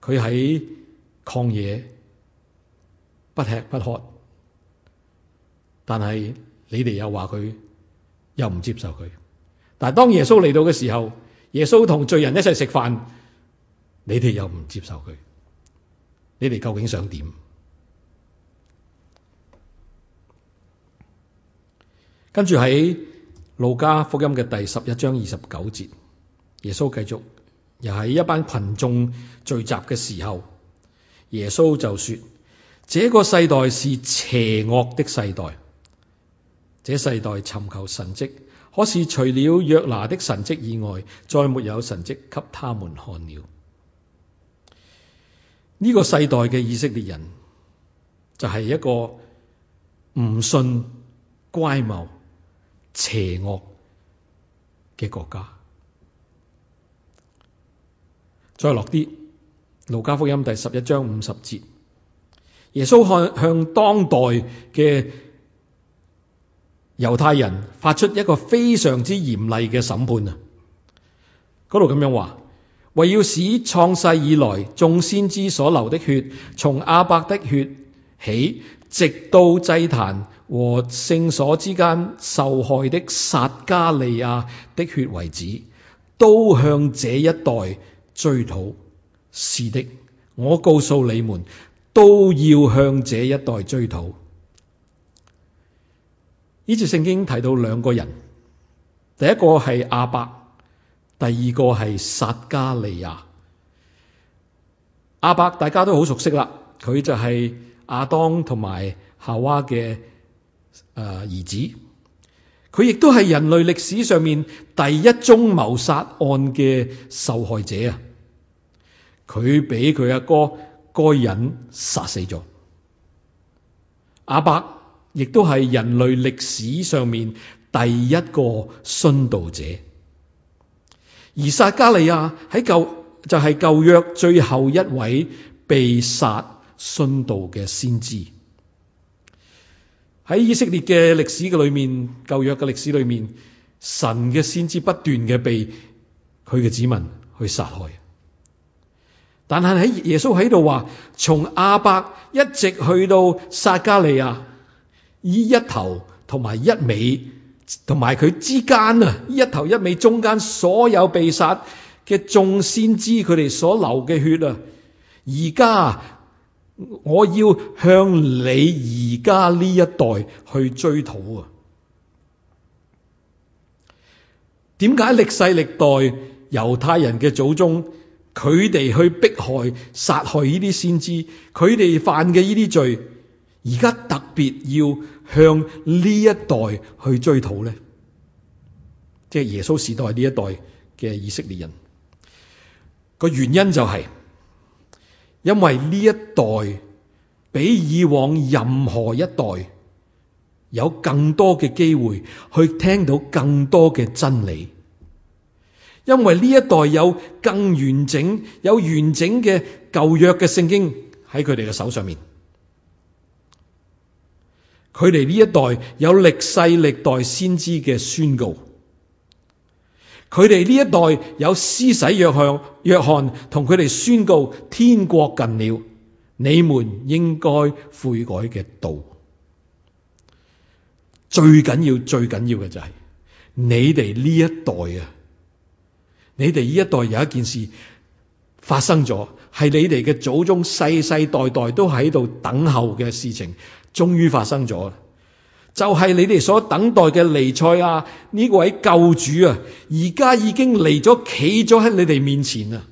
佢喺曠野不吃不喝，但係你哋又話佢。又唔接受佢，但係當耶穌嚟到嘅時候，耶穌同罪人一齊食飯，你哋又唔接受佢，你哋究竟想點？跟住喺路加福音嘅第十一章二十九節，耶穌繼續又喺一班群眾聚集嘅時候，耶穌就說，這個世代是邪惡的世代。這世代尋求神迹，可是除了約拿的神迹以外，再沒有神迹給他們看了。呢、這個世代嘅以色列人就係、是、一個唔信乖謬邪惡嘅國家。再落啲《路加福音》第十一章五十節，耶穌看向當代嘅。猶太人發出一個非常之嚴厲嘅審判啊！嗰度咁樣話，為要使創世以來眾先知所流的血，從亞伯的血起，直到祭壇和聖所之間受害的撒加利亞的血為止，都向這一代追討。是的，我告訴你們，都要向這一代追討。呢次聖經提到兩個人，第一個係亞伯，第二個係撒加利亞。亞伯大家都好熟悉啦，佢就係亞當同埋夏娃嘅誒兒子，佢亦都係人類歷史上面第一宗謀殺案嘅受害者啊！佢俾佢阿哥該人殺死咗，亞伯，亦都係人類歷史上面第一個殉道者，而撒加利亞喺舊就係、是、舊約最後一位被殺殉道嘅先知。喺以色列嘅歷史嘅裏面，舊約嘅歷史裏面，神嘅先知不斷嘅被佢嘅子民去殺害但。但係喺耶穌喺度話，從亞伯一直去到撒加利亞。依一頭同埋一尾，同埋佢之間啊，依一頭一尾中間所有被殺嘅眾先知，佢哋所流嘅血啊，而家我要向你而家呢一代去追討啊！點解歷世歷代猶太人嘅祖宗，佢哋去迫害殺害呢啲先知，佢哋犯嘅呢啲罪？而家特別要向呢一代去追討呢，即係耶穌時代呢一代嘅以色列人，個原因就係因為呢一代比以往任何一代有更多嘅機會去聽到更多嘅真理，因為呢一代有更完整、有完整嘅舊約嘅聖經喺佢哋嘅手上面。佢哋呢一代有歷世歷代先知嘅宣告，佢哋呢一代有施洗約翰約翰同佢哋宣告天國近了，你們應該悔改嘅道。最緊要、最緊要嘅就係、是、你哋呢一代啊！你哋呢一代有一件事發生咗，係你哋嘅祖宗世世代代都喺度等候嘅事情。終於發生咗，就係、是、你哋所等待嘅尼賽亞呢個位救主啊，而家已經嚟咗，企咗喺你哋面前啊！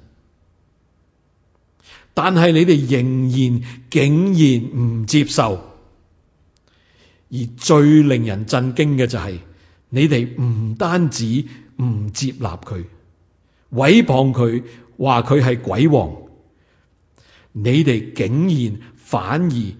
但係你哋仍然竟然唔接受，而最令人震驚嘅就係、是、你哋唔單止唔接納佢，誹謗佢，話佢係鬼王，你哋竟然反而。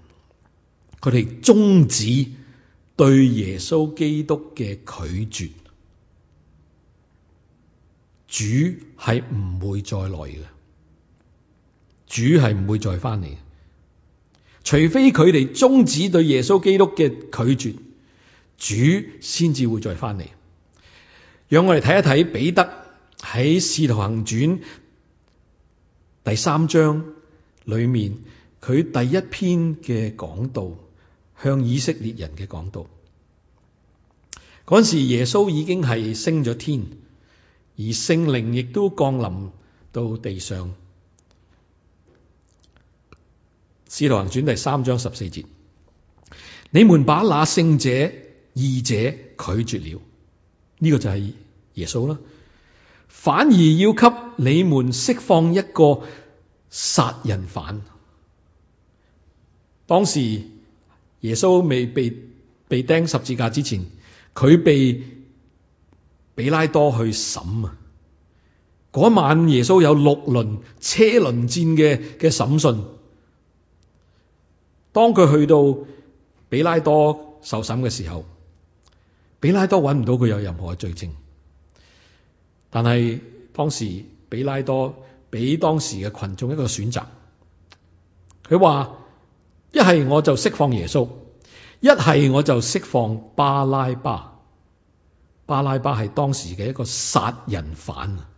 佢哋終止對耶穌基督嘅拒絕，主係唔會再來嘅，主係唔會再返嚟嘅，除非佢哋終止對耶穌基督嘅拒絕，主先至會再返嚟。讓我哋睇一睇彼得喺《使徒行傳》第三章裏面佢第一篇嘅講道。向以色列人嘅講道，嗰時耶穌已經係升咗天，而聖靈亦都降臨到地上。使徒行傳第三章十四節：你們把那聖者、義者拒絕了，呢、這個就係耶穌啦，反而要給你們釋放一個殺人犯。當時。耶穌未被被釘十字架之前，佢被比拉多去審啊！嗰晚耶穌有六輪車輪戰嘅嘅審訊。當佢去到比拉多受審嘅時候，比拉多揾唔到佢有任何嘅罪證，但係當時比拉多畀當時嘅群眾一個選擇，佢話。一係我就釋放耶穌，一係我就釋放巴拉巴。巴拉巴係當時嘅一個殺人犯啊！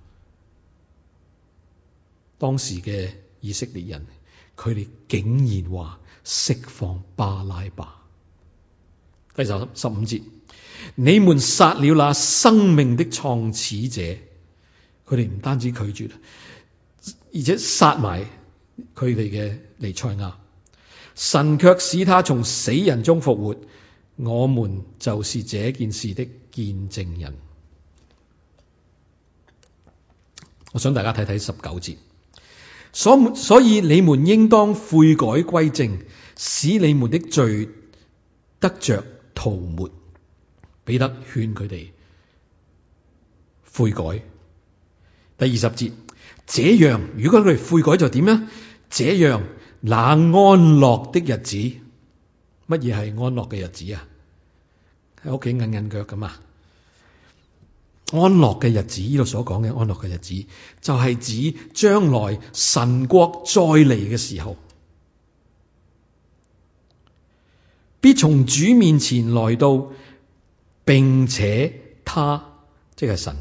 當時嘅以色列人，佢哋竟然話釋放巴拉巴。第十十五節，你們殺了那生命的創始者，佢哋唔單止拒絕，而且殺埋佢哋嘅彌賽亞。神卻使他從死人中復活，我們就是這件事的見證人。我想大家睇睇十九節，所所以你們應當悔改歸正，使你們的罪得着塗抹。彼得勸佢哋悔改。第二十節，這樣，如果佢哋悔改就點呢？這樣。嗱，安樂的日子，乜嘢係安樂嘅日子啊？喺屋企揞揞腳咁啊！安樂嘅日子，呢度所講嘅安樂嘅日子，就係、是、指將來神國再嚟嘅時候，必從主面前來到，並且他即係神，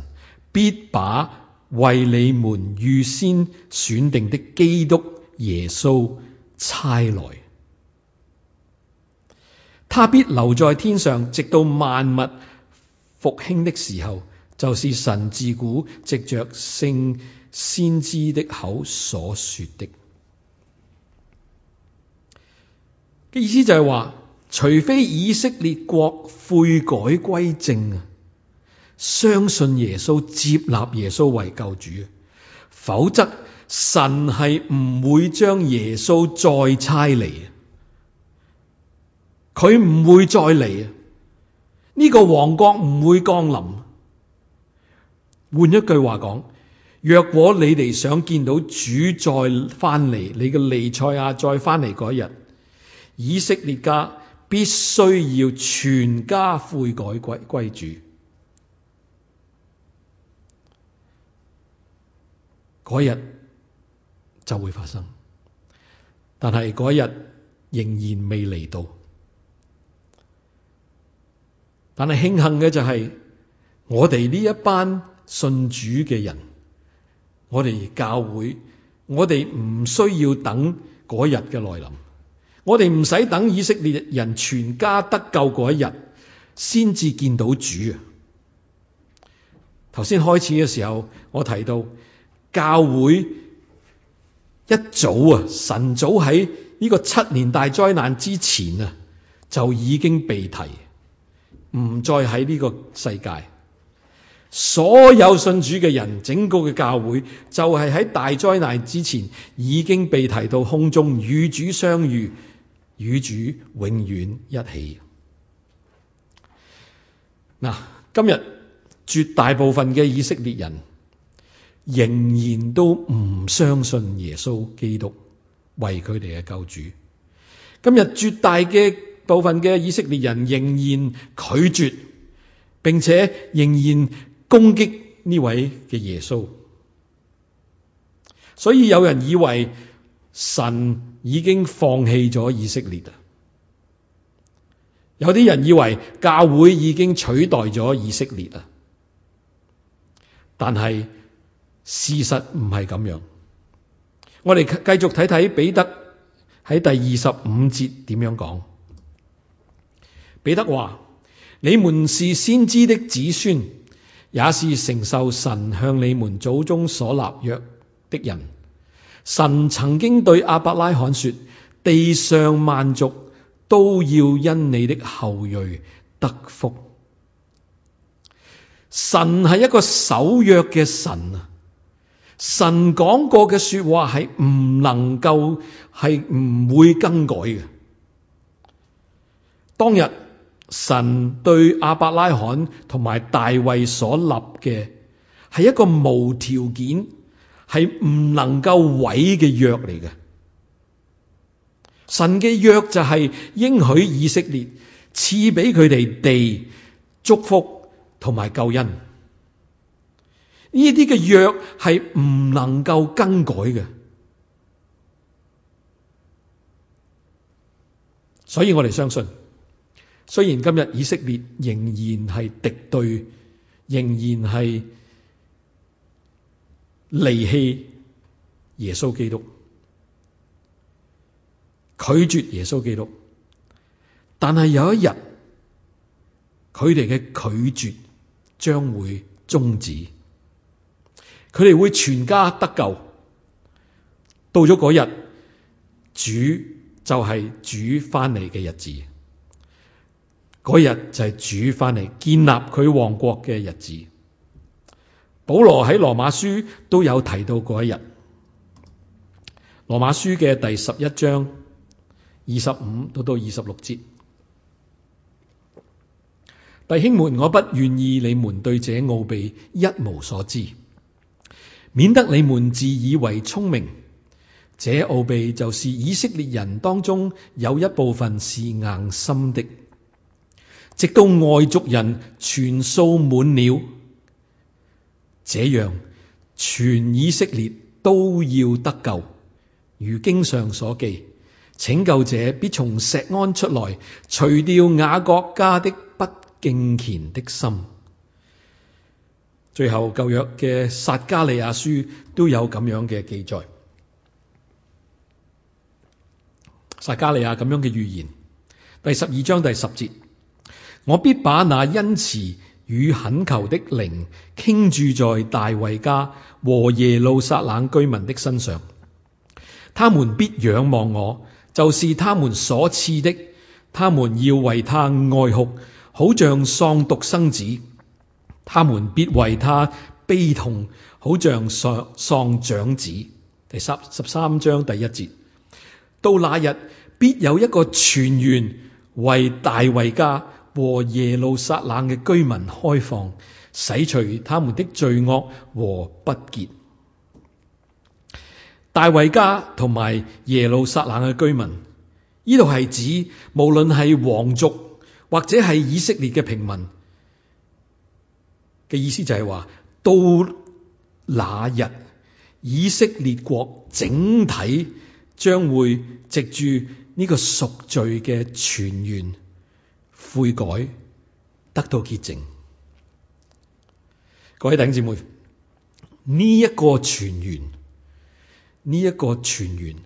必把為你們預先選定的基督耶穌。差來，他必留在天上，直到萬物復興的時候，就是神自古藉着聖先知的口所說的。嘅意思就係話，除非以色列國悔改歸正啊，相信耶穌接納耶穌為救主，否則。神係唔會將耶穌再差嚟，佢唔會再嚟啊！呢、這個王國唔會降臨。換一句話講，若果你哋想見到主再翻嚟，你嘅彌賽亞再翻嚟嗰日，以色列家必須要全家悔改歸歸主。嗰日，就會發生，但係嗰日仍然未嚟到。但係慶幸嘅就係、是、我哋呢一班信主嘅人，我哋教會，我哋唔需要等嗰日嘅來臨，我哋唔使等以色列人全家得救嗰一日先至見到主啊！頭先開始嘅時候，我提到教會。一早啊，神早喺呢個七年大災難之前啊就已經被提，唔再喺呢個世界。所有信主嘅人，整個嘅教會就係喺大災難之前已經被提到空中，與主相遇，與主永遠一起。嗱，今日絕大部分嘅以色列人。仍然都唔相信耶穌基督為佢哋嘅救主。今日絕大嘅部分嘅以色列人仍然拒絕，並且仍然攻擊呢位嘅耶穌。所以有人以為神已經放棄咗以色列啊，有啲人以為教會已經取代咗以色列啊，但係。事實唔係咁樣，我哋繼續睇睇彼得喺第二十五節點樣講。彼得話：你們是先知的子孫，也是承受神向你們祖宗所立約的人。神曾經對亞伯拉罕說：地上萬族都要因你的後裔得福。神係一個守約嘅神啊！神講過嘅說話係唔能夠，係唔會更改嘅。當日，神對亞伯拉罕同埋大衛所立嘅係一個無條件，係唔能夠毀嘅約嚟嘅。神嘅約就係應許以色列，賜俾佢哋地祝福同埋救恩。呢啲嘅約係唔能夠更改嘅，所以我哋相信，雖然今日以色列仍然係敵對，仍然係離棄耶穌基督，拒絕耶穌基督，但係有一日，佢哋嘅拒絕將會終止。佢哋會全家得救。到咗嗰日，主就係主翻嚟嘅日子。嗰日就係主翻嚟建立佢王國嘅日子。保羅喺羅馬書都有提到嗰一日。羅馬書嘅第十一章二十五到到二十六節，弟兄們，我不願意你們對這奧秘一無所知。免得你們自以為聰明，這奧秘就是以色列人當中有一部分是硬心的，直到外族人全數滿了，這樣全以色列都要得救。如經上所記，拯救者必從石安出來，除掉雅各家的不敬虔的心。最後舊約嘅撒迦利亞書都有咁樣嘅記載，撒迦利亞咁樣嘅預言，第十二章第十節，我必把那恩慈與懇求的靈傾注在大衛家和耶路撒冷居民的身上，他們必仰望我，就是他們所刺的，他們要為他哀哭，好像喪獨生子。他們必為他悲痛，好像喪喪長子。第十三章第一節，到那日必有一個泉源為大衛家和耶路撒冷嘅居民開放，洗除他們的罪惡和不潔。大衛家同埋耶路撒冷嘅居民，呢度係指無論係皇族或者係以色列嘅平民。嘅意思就係話，到那日，以色列國整體將會藉住呢個贖罪嘅泉源悔改，得到潔淨。各位弟兄姊妹，呢、這、一個泉源，呢、這、一個泉源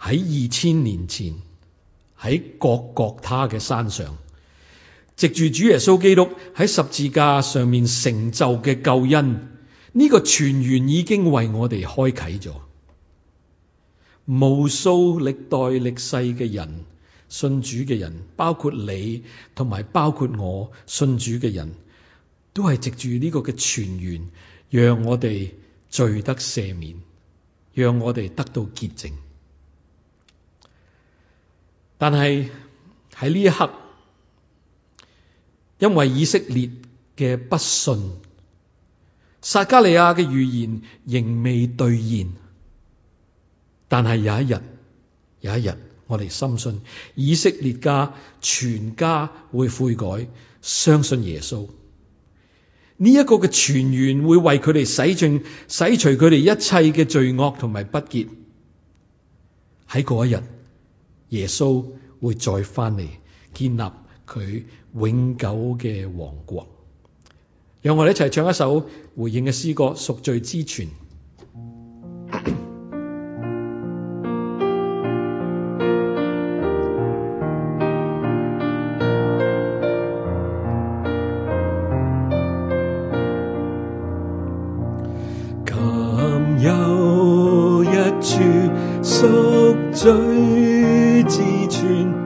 喺二千年前喺各各他嘅山上。藉住主耶穌基督喺十字架上面成就嘅救恩，呢、這個泉源已經為我哋開啟咗。無數歷代歷世嘅人信主嘅人，包括你同埋包括我信主嘅人，都係藉住呢個嘅泉源讓我哋罪得赦免，讓我哋得到潔淨。但係喺呢一刻。因為以色列嘅不信，撒加利亞嘅預言仍未兌現，但係有一日，有一日，我哋深信以色列家全家會悔改，相信耶穌，呢、這、一個嘅泉源會為佢哋洗淨、洗除佢哋一切嘅罪惡同埋不潔。喺嗰一日，耶穌會再返嚟建立。佢永久嘅王國，讓我哋一齊唱一首回應嘅詩歌《贖罪之泉》。堪憂 [music] 一處，贖罪之泉。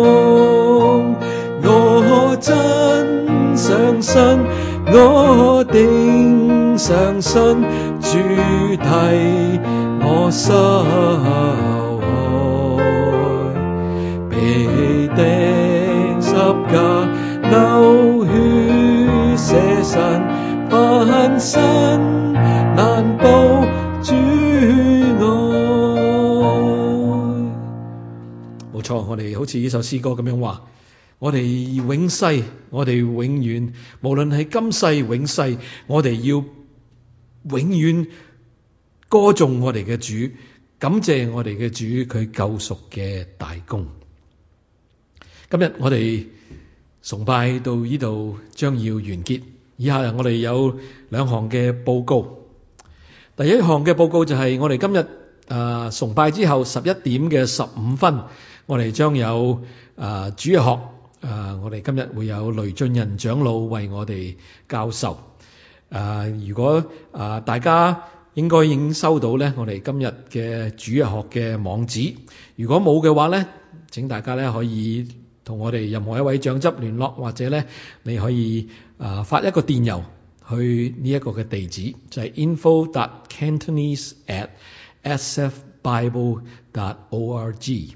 我定上身，主替我受害，被釘十架，流血捨身，凡身難報主愛。冇錯，我哋好似呢首詩歌咁樣話。我哋永世，我哋永遠，無論係今世永世，我哋要永遠歌頌我哋嘅主，感謝我哋嘅主，佢救贖嘅大功。今日我哋崇拜到呢度，將要完結。以下我哋有兩項嘅報告。第一項嘅報告就係我哋今日啊、呃、崇拜之後十一點嘅十五分，我哋將有啊、呃、主學。啊！Uh, 我哋今日會有雷俊仁長老為我哋教授。啊、uh，如果啊、uh, 大家應該已經收到咧，我哋今日嘅主日學嘅網址。如果冇嘅話咧，請大家咧可以同我哋任何一位長執聯絡，或者咧你可以啊、uh, 發一個電郵去呢一個嘅地址，就係、是 info@cantonese.sfbible.org。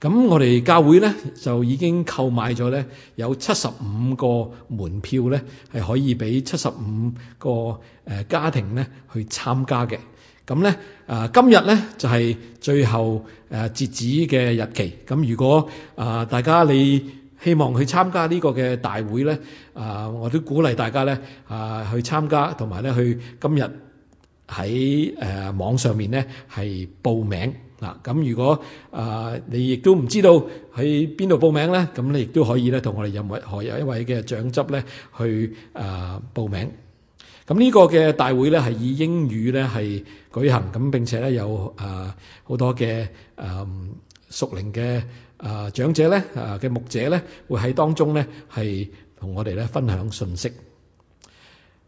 咁我哋教會咧就已經購買咗咧有七十五個門票咧，係可以俾七十五個家庭咧去參加嘅。咁咧、呃、今日咧就係、是、最後誒、呃、截止嘅日期。咁如果誒、呃、大家你希望去參加呢個嘅大會咧，啊、呃、我都鼓勵大家咧啊、呃、去參加，同埋咧去今日喺誒網上面咧係報名。嗱，咁如果啊你亦都唔知道喺邊度報名咧，咁你亦都可以咧同我哋任何一位嘅長執咧去啊報名。咁呢個嘅大會咧係以英語咧係舉行，咁並且咧有啊好多嘅啊熟齡嘅啊長者咧啊嘅牧者咧會喺當中咧係同我哋咧分享信息。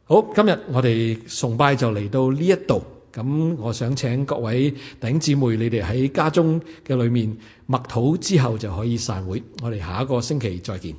好，今日我哋崇拜就嚟到呢一度。咁我想請各位弟兄姊妹，你哋喺家中嘅裏面默禱之後就可以散會。我哋下一個星期再見。